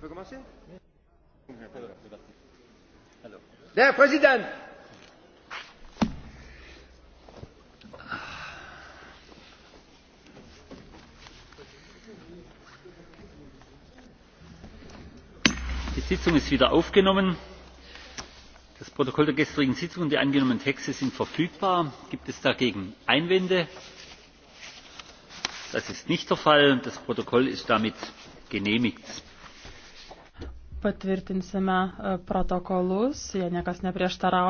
On peut commencer Der Präsident! Die Sitzung ist wieder aufgenommen. Das Protokoll der gestrigen Sitzung und die angenommenen Texte sind verfügbar. Gibt es dagegen Einwände? Das ist nicht der Fall. Das Protokoll ist damit genehmigt patvirtinsime e, protokolus jei niekas neprieštarauja